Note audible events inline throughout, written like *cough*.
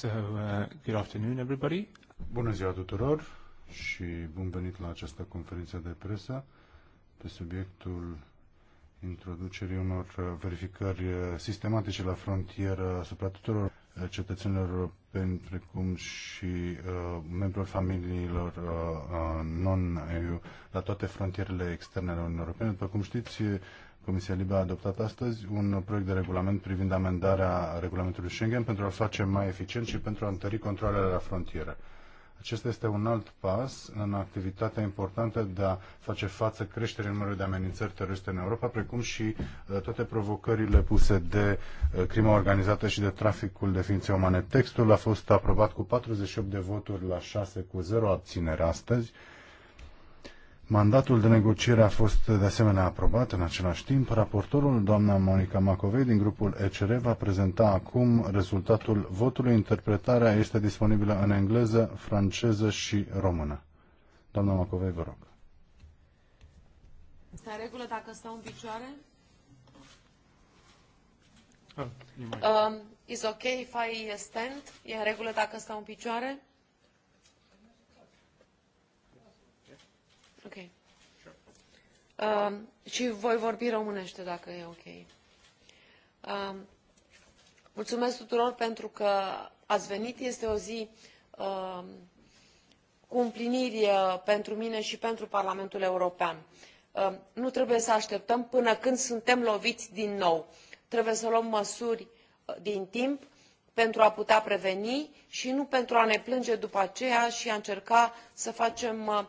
So, uh, good afternoon, everybody. Bună ziua tuturor și bun venit la această conferință de presă pe subiectul introducerii unor verificări sistematice la frontieră asupra tuturor cetățenilor europeni, precum și uh, membrilor familiilor uh, uh, non-EU la toate frontierele externe ale Uniunii Europene. După cum știți, Comisia Libă a adoptat astăzi un proiect de regulament privind amendarea regulamentului Schengen pentru a-l face mai eficient și pentru a întări controlele la frontieră. Acesta este un alt pas în activitatea importantă de a face față creșterii numărului de amenințări teroriste în Europa, precum și uh, toate provocările puse de uh, crima organizată și de traficul de ființe umane. Textul a fost aprobat cu 48 de voturi la 6 cu 0 abținere astăzi Mandatul de negociere a fost de asemenea aprobat în același timp. Raportorul, doamna Monica Macovei, din grupul ECR, va prezenta acum rezultatul votului. Interpretarea este disponibilă în engleză, franceză și română. Doamna Macovei, vă rog. Este în regulă dacă stau în picioare? Ah, um, is okay if I stand? E în regulă dacă stau în picioare? Ok. Um, și voi vorbi românește, dacă e ok. Um, mulțumesc tuturor pentru că ați venit. Este o zi uh, cu împliniri uh, pentru mine și pentru Parlamentul European. Nu trebuie să așteptăm până când suntem loviți din nou. Trebuie să luăm măsuri uh, din timp pentru a putea preveni și nu pentru a ne plânge după aceea și a încerca să facem uh,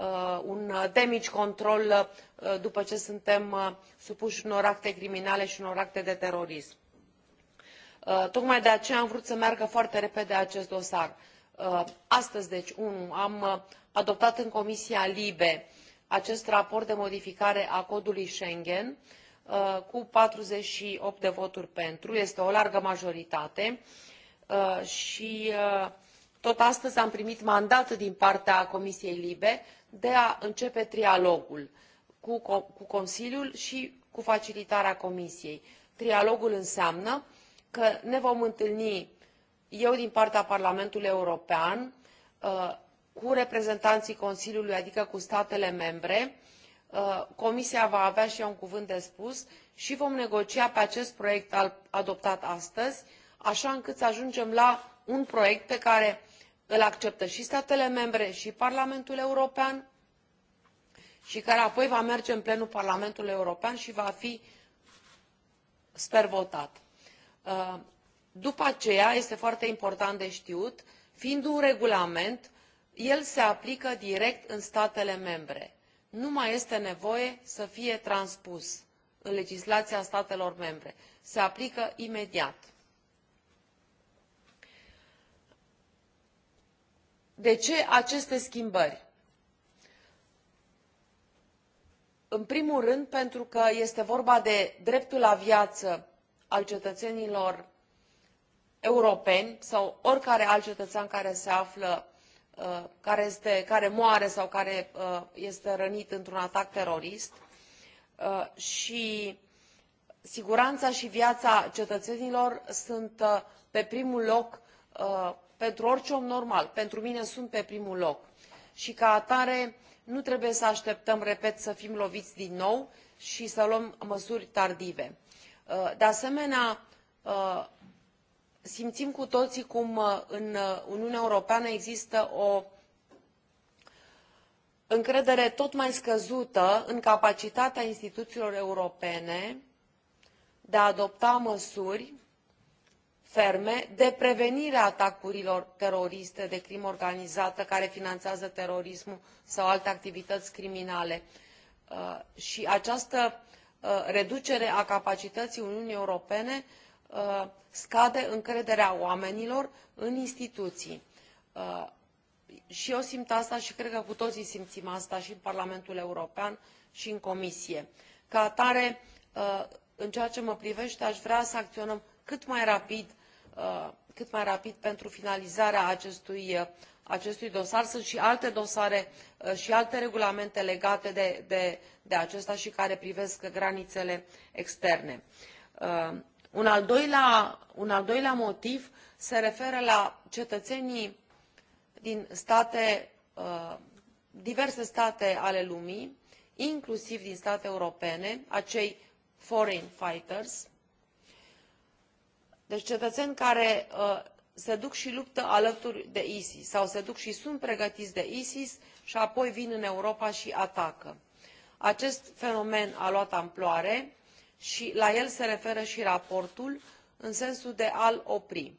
Uh, un damage control uh, după ce suntem uh, supuși unor acte criminale și unor acte de terorism. Tocmai de aceea am vrut să meargă foarte repede acest dosar. Astăzi, deci, unu, am adoptat în Comisia Libe acest raport de modificare a codului Schengen cu 48 de voturi pentru, este o largă majoritate și tot astăzi am primit mandat din partea Comisiei Libe de a începe trialogul cu, cu Consiliul și cu facilitarea Comisiei. Trialogul înseamnă că ne vom întâlni eu din partea Parlamentului European uh, cu reprezentanții Consiliului, adică cu statele membre, uh, Comisia va avea și ea un cuvânt de spus și vom negocia pe acest proiect adoptat astăzi, așa încât să ajungem la un proiect pe care îl acceptă și statele membre și Parlamentul European și care apoi va merge în plenul Parlamentului European și va fi, sper, votat. Uh, după aceea, este foarte important de știut, fiind un regulament, el se aplică direct în statele membre. Nu mai este nevoie să fie transpus în legislația statelor membre. Se aplică imediat. De ce aceste schimbări? În primul rând, pentru că este vorba de dreptul la viață al cetățenilor europeni sau oricare alt cetățean care se află, uh, care, este, care moare sau care uh, este rănit într-un atac terorist uh, și siguranța și viața cetățenilor sunt pe primul loc pentru orice om normal pentru mine sunt pe primul loc și ca atare nu trebuie să așteptăm repet să fim loviți din nou și să luăm măsuri tardive. Uh, de asemenea uh, simțim cu toții cum uh, în uniunea europeană există o încredere tot mai scăzută în capacitatea instituțiilor europene de a adopta măsuri ferme de prevenire a atacurilor teroriste de crimă organizată care finanțează terorismul sau alte activități criminale uh, și această uh, reducere a capacității uniunii europene uh, scade încrederea oamenilor în instituții. Și eu simt asta și cred că cu toții simțim asta și în Parlamentul European și în Comisie. Ca atare, în ceea ce mă privește, aș vrea să acționăm cât mai rapid Uh, cât mai rapid pentru finalizarea acestui, uh, acestui dosar. Sunt și alte dosare uh, și alte regulamente legate de, de, de acesta și care privesc granițele externe. Un al doilea, un al doilea motiv se referă la cetățenii din state, diverse state ale lumii, inclusiv din state europene, acei foreign fighters, deci cetățeni care uh, se duc și luptă alături de isis sau se duc și sunt pregătiți de isis și apoi vin în europa și atacă. acest fenomen a luat amploare și la el se referă și raportul în sensul de a l opri.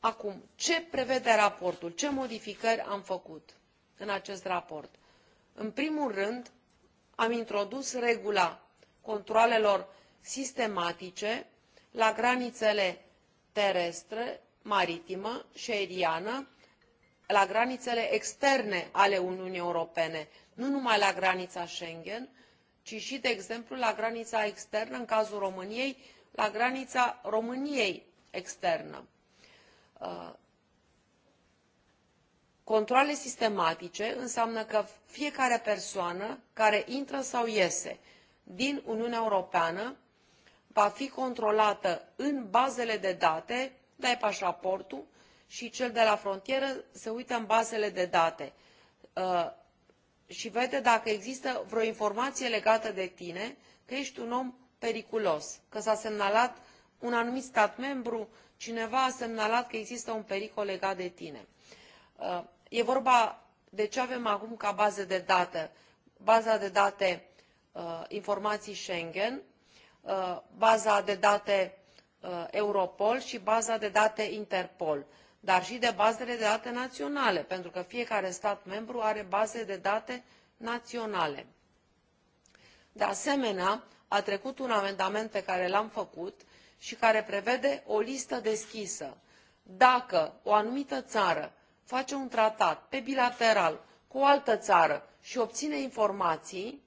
acum ce prevede raportul ce modificări am făcut în acest raport? în primul rând am introdus regula controalelor sistematice la granițele terestră, maritimă și aeriană, la granițele externe ale Uniunii Europene, nu numai la granița Schengen, ci și, de exemplu, la granița externă, în cazul României, la granița României externă. Uh, controle sistematice înseamnă că fiecare persoană care intră sau iese din Uniunea Europeană va fi controlată în bazele de date dai pașaportul și cel de la frontieră se uită în bazele de date uh, și vede dacă există vreo informație legată de tine că ești un om periculos, că s-a semnalat un anumit stat membru, cineva a semnalat că există un pericol legat de tine. Uh, e vorba de ce avem acum ca bază de date. Baza de date uh, informații Schengen, Uh, baza de date uh, Europol și baza de date Interpol, dar și de bazele de date naționale, pentru că fiecare stat membru are baze de date naționale. De asemenea, a trecut un amendament pe care l-am făcut și care prevede o listă deschisă. Dacă o anumită țară face un tratat pe bilateral cu o altă țară și obține informații,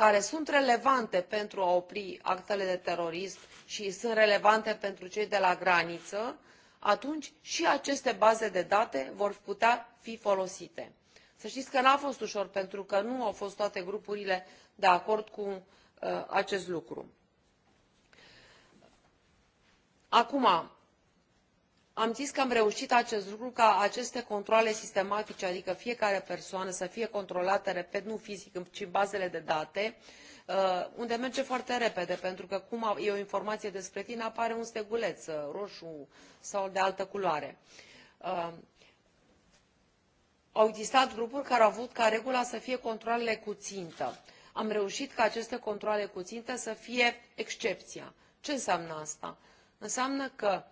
care sunt relevante pentru a opri actele de terorism și sunt relevante pentru cei de la graniță, atunci și aceste baze de date vor putea fi folosite. Să știți că n-a fost ușor, pentru că nu au fost toate grupurile de acord cu uh, acest lucru. Acum, am zis că am reușit acest lucru ca aceste controale sistematice adică fiecare persoană să fie controlată repet nu fizic ci în bazele de date uh, unde merge foarte repede pentru că cum e o informație despre tine apare un steguleț uh, roșu sau de altă culoare. Uh, au existat grupuri care au avut ca regulă să fie controalele cu țintă. Am reușit ca aceste controale cu țintă să fie excepția. Ce înseamnă asta? Înseamnă că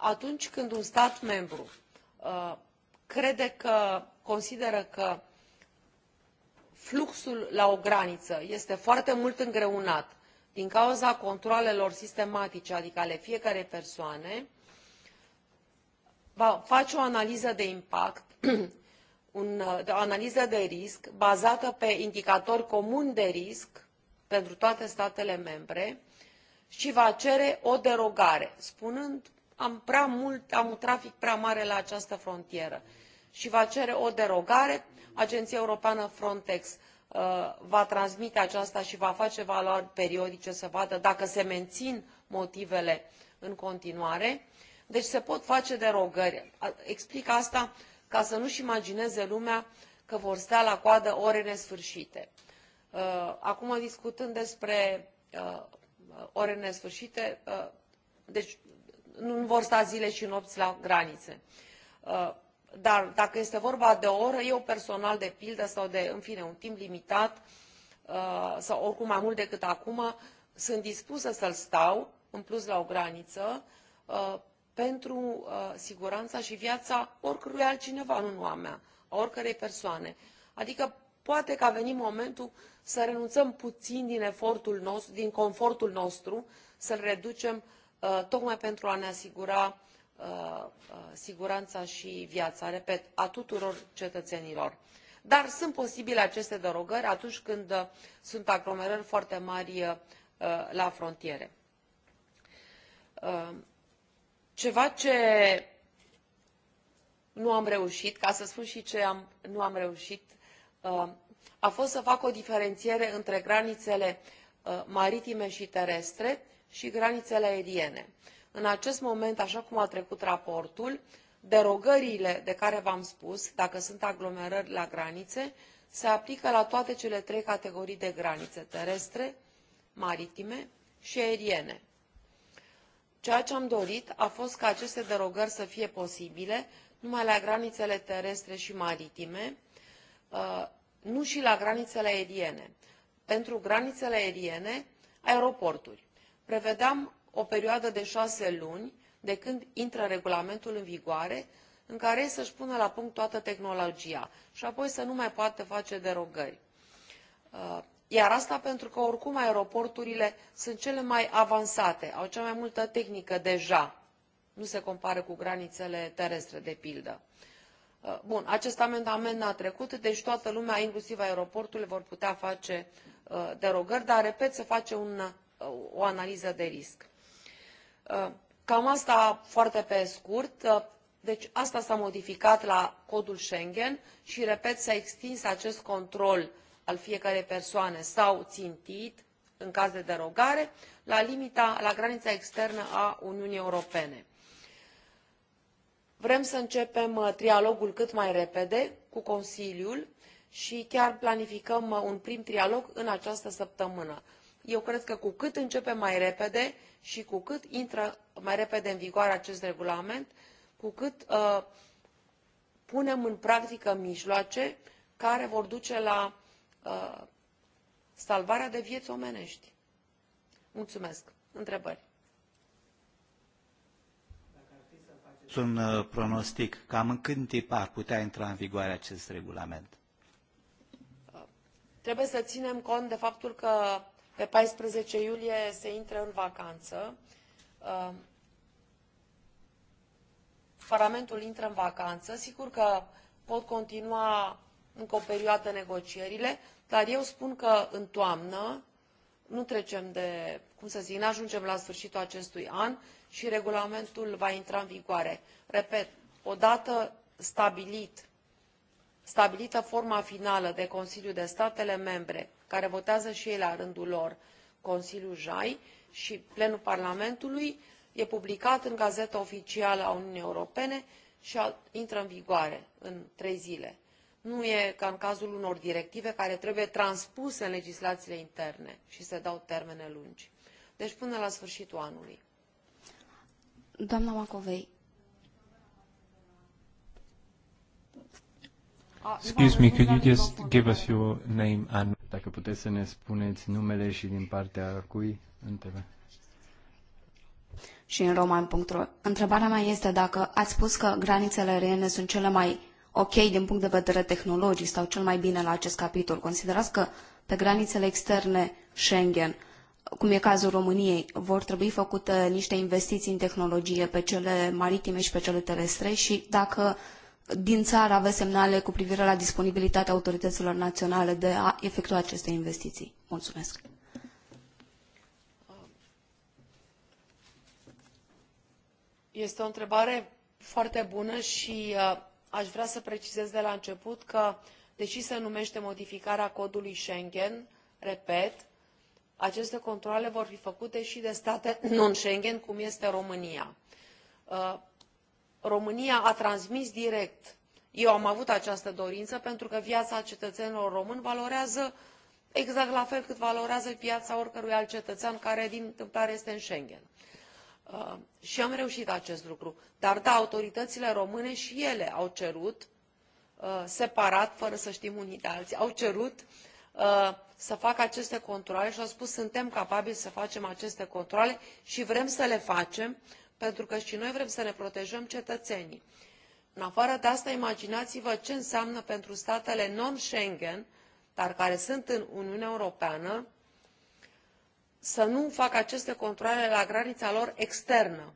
atunci când un stat membru uh, crede că, consideră că fluxul la o graniță este foarte mult îngreunat din cauza controalelor sistematice, adică ale fiecărei persoane, va face o analiză de impact, *clears throat* un, uh, o analiză de risc bazată pe indicatori comuni de risc pentru toate statele membre și va cere o derogare, spunând am prea mult, am un trafic prea mare la această frontieră și va cere o derogare. Agenția Europeană Frontex uh, va transmite aceasta și va face valori periodice să vadă dacă se mențin motivele în continuare. Deci se pot face derogări. Explic asta ca să nu-și imagineze lumea că vor sta la coadă ore nesfârșite. Uh, acum discutând despre uh, ore nesfârșite, deci nu vor sta zile și nopți la granițe. Uh, dar dacă este vorba de o oră, eu personal, de pildă, sau de, în fine, un timp limitat, uh, sau oricum mai mult decât acum, sunt dispusă să-l stau, în plus la o graniță, uh, pentru siguranța și viața oricărui altcineva, nu numai a mea, a oricărei persoane. Adică poate că a venit momentul să renunțăm puțin din efortul nostru, din confortul nostru, să-l reducem Uh, tocmai pentru a ne asigura uh, uh, siguranța și viața repet a tuturor cetățenilor dar sunt posibile aceste derogări atunci când sunt aglomerări foarte mari la frontiere. Ceva ce nu am reușit, ca să spun și ce am, nu am reușit, a fost să fac o diferențiere între granițele maritime și terestre și granițele aeriene. în acest moment așa cum a trecut raportul derogările de care v am spus dacă sunt aglomerări la granițe se aplică la toate cele trei categorii de granițe terestre maritime și aeriene. ceea ce am dorit a fost ca aceste derogări să fie posibile numai la granițele terestre și maritime uh, nu și la granițele aeriene. pentru granițele aeriene aeroporturi prevedeam o perioadă de șase luni de când intră regulamentul în vigoare în care ei să-și pună la punct toată tehnologia și apoi să nu mai poată face derogări. Uh, iar asta pentru că oricum aeroporturile sunt cele mai avansate, au cea mai multă tehnică deja. Nu se compară cu granițele terestre, de pildă. Uh, bun, acest amendament n-a trecut, deci toată lumea, inclusiv aeroporturile, vor putea face uh, derogări, dar, repet, se face un o analiză de risc. Uh, cam asta foarte pe scurt. Uh, deci asta s-a modificat la codul Schengen și, repet, s-a extins acest control al fiecarei persoane sau țintit, în caz de derogare, la, limita, la granița externă a Uniunii Europene. Vrem să începem uh, trialogul cât mai repede cu Consiliul și chiar planificăm un prim trialog în această săptămână eu cred că cu cât începe mai repede și cu cât intră mai repede în vigoare acest regulament, cu cât uh, punem în practică mijloace care vor duce la uh, salvarea de vieți omenești. Mulțumesc. Întrebări? un uh, pronostic, cam în când timp ar putea intra în vigoare acest regulament? Uh, trebuie să ținem cont de faptul că pe 14 iulie se intră în vacanță. Uh, Parlamentul intră în vacanță. Sigur că pot continua încă o perioadă negocierile, dar eu spun că în toamnă nu trecem de, cum să zic, nu ajungem la sfârșitul acestui an și regulamentul va intra în vigoare. Repet, odată stabilit, stabilită forma finală de Consiliu de statele membre care votează și ei la rândul lor Consiliul JAI și plenul Parlamentului, e publicat în gazeta oficială a Uniunii Europene și a, intră în vigoare în trei zile. Nu e ca în cazul unor directive care trebuie transpuse în legislațiile interne și se dau termene lungi. Deci până la sfârșitul anului. Doamna Macovei, Excuse me, could you just give us your name and... Dacă puteți să ne spuneți numele și din partea cui întrebe. Și în roman.ro. Întrebarea mea este dacă ați spus că granițele aeriene sunt cele mai ok din punct de vedere tehnologic sau cel mai bine la acest capitol. Considerați că pe granițele externe Schengen, cum e cazul României, vor trebui făcute niște investiții în tehnologie pe cele maritime și pe cele terestre și dacă din țară aveți semnale cu privire la disponibilitatea autorităților naționale de a efectua aceste investiții. Mulțumesc. Este o întrebare foarte bună și uh, aș vrea să precizez de la început că, deși se numește modificarea codului Schengen, repet, aceste controale vor fi făcute și de state non-Schengen, cum este România uh, România a transmis direct. Eu am avut această dorință pentru că viața cetățenilor români valorează exact la fel cât valorează viața oricărui alt cetățean care din întâmplare este în Schengen. Uh, și am reușit acest lucru. Dar da, autoritățile române și ele au cerut, uh, separat, fără să știm unii de alții, au cerut uh, să facă aceste controle și au spus suntem capabili să facem aceste controle și vrem să le facem pentru că și noi vrem să ne protejăm cetățenii. În afară de asta, imaginați-vă ce înseamnă pentru statele non-Schengen, dar care sunt în Uniunea Europeană, să nu facă aceste controale la granița lor externă.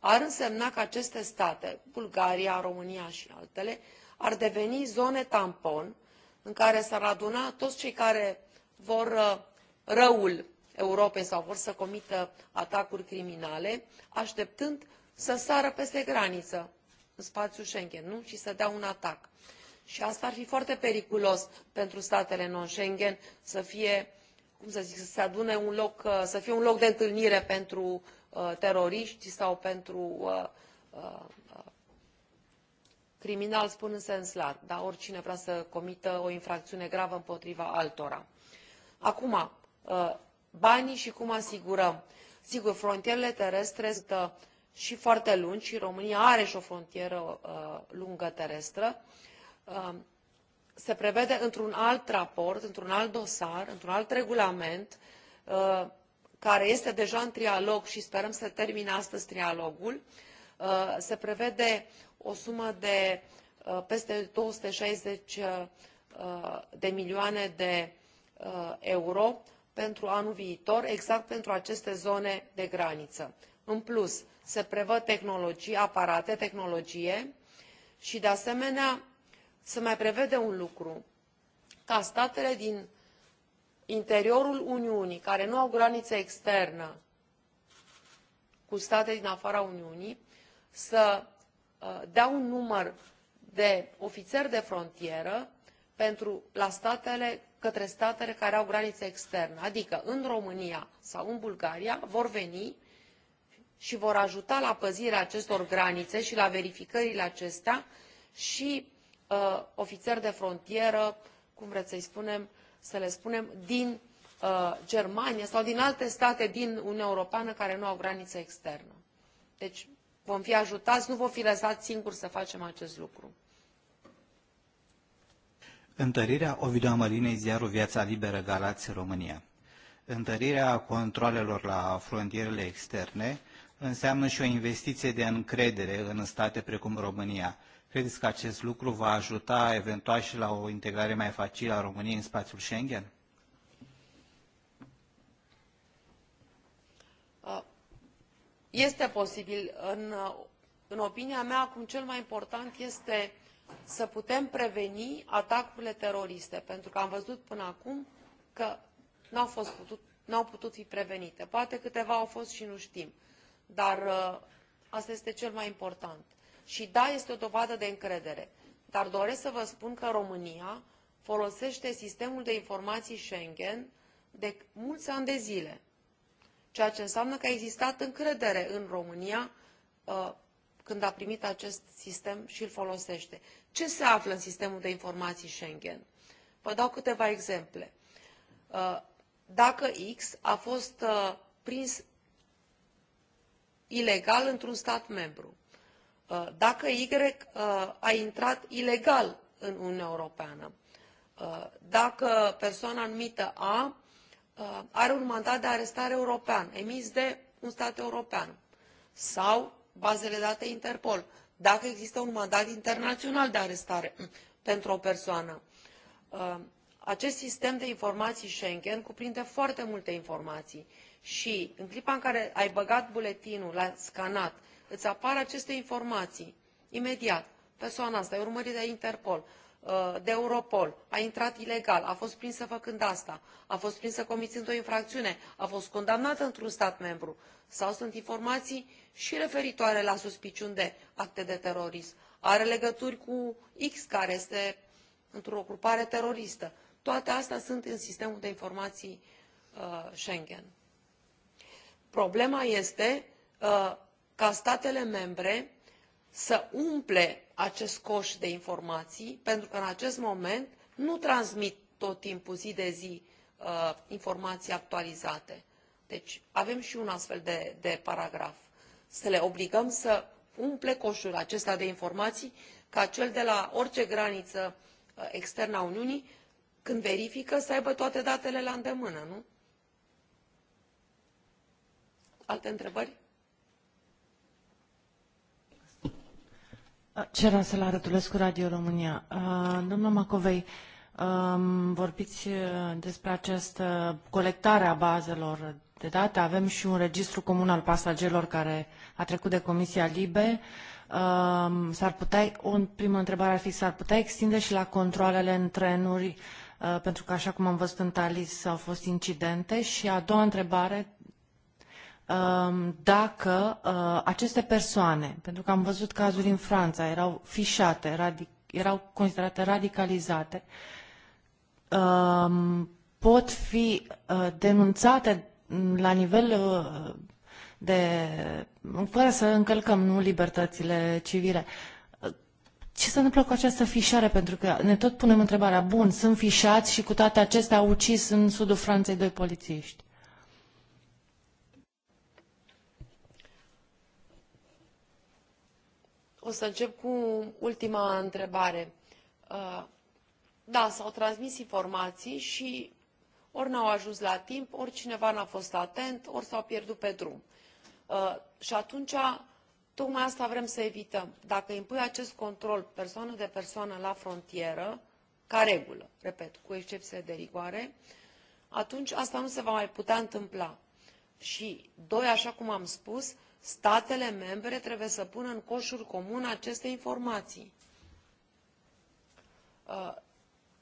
Ar însemna că aceste state, Bulgaria, România și altele, ar deveni zone tampon în care s-ar aduna toți cei care vor uh, răul europei sau vor să comită atacuri criminale așteptând să sară peste graniță în spațiul schengen și să dea un atac. și asta ar fi foarte periculos pentru statele non schengen să fie cum să zic să se adune un loc uh, să fie un loc de întâlnire pentru uh, teroriști sau pentru uh, uh, uh criminal spun în sens larg da? oricine vrea să comită o infracțiune gravă împotriva altora. acum uh, banii și cum asigurăm. Sigur, frontierele terestre sunt uh, și foarte lungi și România are și o frontieră uh, lungă terestră. Uh, se prevede într-un alt raport, într-un alt dosar, într-un alt regulament, uh, care este deja în trialog și sperăm să termine astăzi trialogul, uh, se prevede o sumă de uh, peste 260 de milioane de euro pentru anul viitor exact pentru aceste zone de graniță. în plus se prevăd tehnologii aparate tehnologie și de asemenea se mai prevede un lucru ca statele din interiorul uniunii care nu au graniță externă cu state din afara uniunii să uh, dea un număr de ofițeri de frontieră pentru, la statele către statele care au granițe externe adică în românia sau în bulgaria vor veni și vor ajuta la păzirea acestor granițe și la verificările acestea și uh, ofițeri de frontieră cum vreți să i spunem să le spunem din uh, germania sau din alte state din uniunea europeană care nu au graniță externă. deci vom fi ajutați nu vom fi lăsați singuri să facem acest lucru. Întărirea Ovidiu Amălinei, ziarul Viața Liberă Galați România. Întărirea controlelor la frontierele externe înseamnă și o investiție de încredere în state precum România. Credeți că acest lucru va ajuta eventual și la o integrare mai facilă a României în spațiul Schengen? Este posibil. În, în opinia mea, acum cel mai important este uh, să putem preveni atacurile teroriste, pentru că am văzut până acum că nu au, fost putut, nu au putut fi prevenite. Poate câteva au fost și nu știm, dar uh, asta este cel mai important. Și da, este o dovadă de încredere, dar doresc să vă spun că România folosește sistemul de informații Schengen de mulți ani de zile, ceea ce înseamnă că a existat încredere în România uh, când a primit acest sistem și îl folosește. Ce se află în sistemul de informații Schengen? Vă dau câteva exemple. Uh, dacă X a fost uh, prins ilegal într-un stat membru, uh, dacă Y a intrat ilegal în Uniunea Europeană, dacă persoana numită A are un mandat de arestare european emis de un stat european sau bazele date Interpol, dacă există un mandat internațional de arestare *clears throat* pentru o persoană. Uh, acest sistem de informații Schengen cuprinde foarte multe informații și în clipa în care ai băgat buletinul, l-ai scanat, îți apar aceste informații imediat. Persoana asta e urmărită de Interpol Uh, de Europol, a intrat ilegal, a fost prinsă făcând asta, a fost prinsă comițând o infracțiune, a fost condamnată într-un stat membru sau sunt informații și referitoare la suspiciuni de acte de terorism. Are legături cu X care este într-o grupare teroristă. Toate astea sunt în sistemul de informații uh, Schengen. Problema este uh, ca statele membre să umple acest coș de informații, pentru că în acest moment nu transmit tot timpul, zi de zi, uh, informații actualizate. Deci avem și un astfel de, de paragraf. Să le obligăm să umple coșul acesta de informații ca cel de la orice graniță uh, externă a Uniunii, când verifică, să aibă toate datele la îndemână, nu? Alte întrebări? Radio România. Domnul Macovei, vorbiți uh, despre această colectare a bazelor de date. Avem și un registru comun al pasagerilor care a trecut de Comisia Libe. S-ar putea, o primă întrebare ar fi, s-ar putea extinde și la controlele în trenuri, pentru că, așa cum am văzut în Talis, au fost incidente. Și a doua întrebare, dacă uh, aceste persoane, pentru că am văzut cazuri în Franța, erau fișate, radic, erau considerate radicalizate, pot fi uh, denunțate la nivel uh, de. fără să încălcăm nu libertățile civile. Ce se întâmplă cu această fișare? Pentru că ne tot punem întrebarea, bun, sunt fișați și cu toate acestea au ucis în sudul Franței doi polițiști. O să încep cu ultima întrebare. Uh, da, s-au transmis informații și ori n-au ajuns la timp, ori cineva n-a fost atent, ori s-au pierdut pe drum. Uh, și atunci, tocmai asta vrem să evităm. Dacă impui acest control persoană de persoană la frontieră, ca regulă, repet, cu excepție de rigoare, atunci asta nu se va mai putea întâmpla. Și doi, așa cum am spus, statele membre trebuie să pună în coșul comun aceste informații. Uh,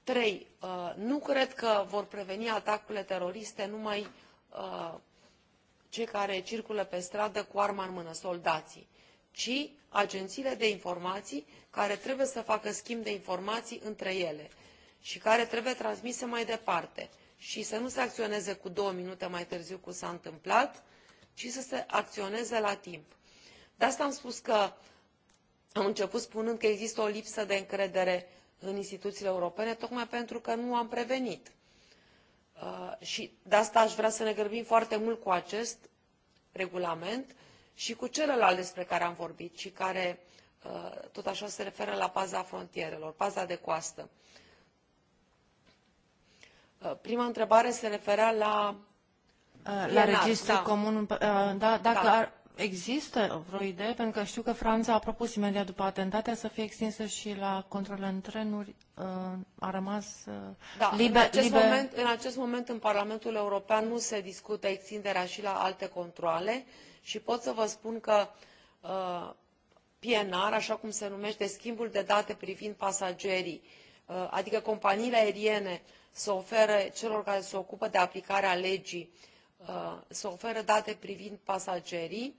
trei uh, nu cred că vor preveni atacurile teroriste numai uh, cei care circulă pe stradă cu arma în mână soldații ci agențiile de informații care trebuie să facă schimb de informații între ele și care trebuie transmise mai departe și să nu se acționeze cu două minute mai târziu cum s a întâmplat și să se acționeze la timp. De asta am spus că am început spunând că există o lipsă de încredere în instituțiile europene, tocmai pentru că nu am prevenit. Uh, și de asta aș vrea să ne grăbim foarte mult cu acest regulament și cu celălalt despre care am vorbit și care uh, tot așa se referă la paza frontierelor, paza de coastă. Uh, prima întrebare se referea la Uh, la registru da. comun, uh, da, dacă da. Ar, există vreo idee, pentru că știu că Franța a propus imediat după atentate să fie extinsă și la controle în trenuri, uh, a rămas da, liber. În acest, liber... Moment, în acest moment în Parlamentul European nu se discută extinderea și la alte controle și pot să vă spun că uh, PNR, așa cum se numește schimbul de date privind pasagerii, uh, adică companiile aeriene să ofere celor care se ocupă de aplicarea legii uh, Uh, să ofere date privind pasagerii.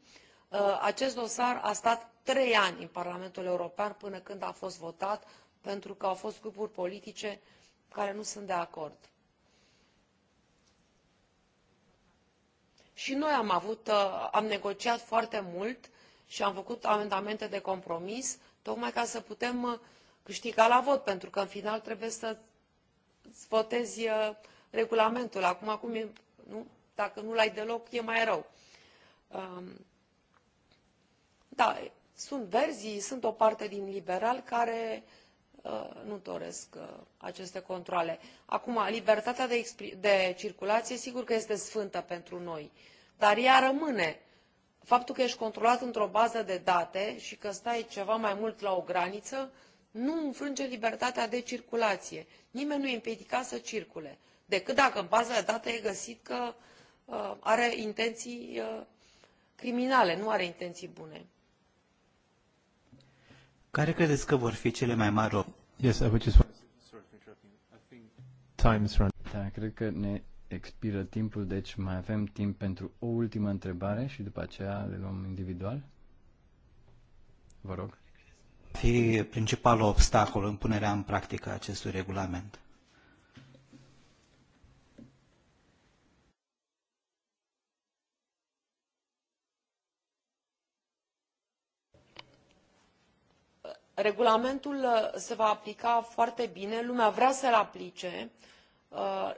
Uh, acest dosar a stat trei ani în Parlamentul European până când a fost votat, pentru că au fost grupuri politice care nu sunt de acord. Și noi am, avut, uh, am negociat foarte mult și am făcut amendamente de compromis, tocmai ca să putem câștiga la vot, pentru că în final trebuie să votezi regulamentul. Acum, acum e, nu? Dacă nu-l ai deloc, e mai rău. Um, da, sunt verzii, sunt o parte din liberal care uh, nu doresc uh, aceste controle. Acum, libertatea de, de circulație sigur că este sfântă pentru noi, dar ea rămâne. Faptul că ești controlat într-o bază de date și că stai ceva mai mult la o graniță, nu înfrânge libertatea de circulație. Nimeni nu e împiedicat să circule, decât dacă în baza de date e găsit că uh, Uh, are intenții uh, criminale, nu are intenții bune. Care credeți că vor fi cele mai mari Yes, I would just want... I think time's run. Da, cred că ne expiră timpul, deci mai avem timp pentru o ultimă întrebare și după aceea le luăm individual. Vă rog. Fi principalul obstacol în punerea în practică acestui regulament? regulamentul uh, se va aplica foarte bine lumea vrea să l aplice uh,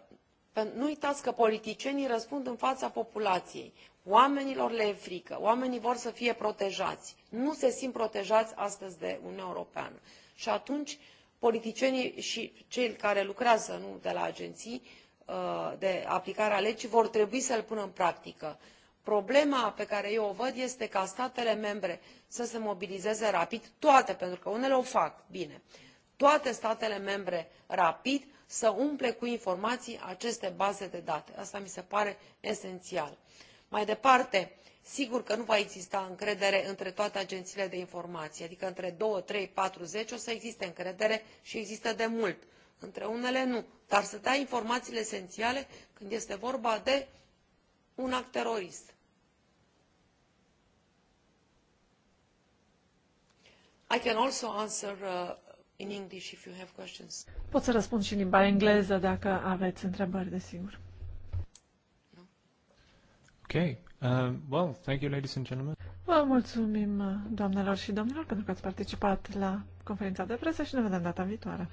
nu uitați că politicienii răspund în fața populației oamenilor le e frică oamenii vor să fie protejați nu se simt protejați astăzi de uniunea europeană și atunci politicienii și cei care lucrează nu de la agenții uh, de aplicare a legii vor trebui să îl pună în practică problema pe care eu o văd este ca statele membre să se mobilizeze rapid toate pentru că unele o fac bine toate statele membre rapid să umple cu informații aceste baze de date. asta mi se pare esențial. mai departe sigur că nu va exista încredere între toate agențiile de informații adică între două trei patru zece o să existe încredere și există de mult între unele nu dar să dai informațiile esențiale când este vorba de un act terorist. I can also answer uh, in English if you have questions. Pot să răspund și în limba engleză dacă aveți întrebări, desigur. Ok. Okay. Uh, well, thank you, ladies and gentlemen. Vă mulțumim, doamnelor și domnilor, pentru că ați participat la conferința de presă și ne vedem data viitoare.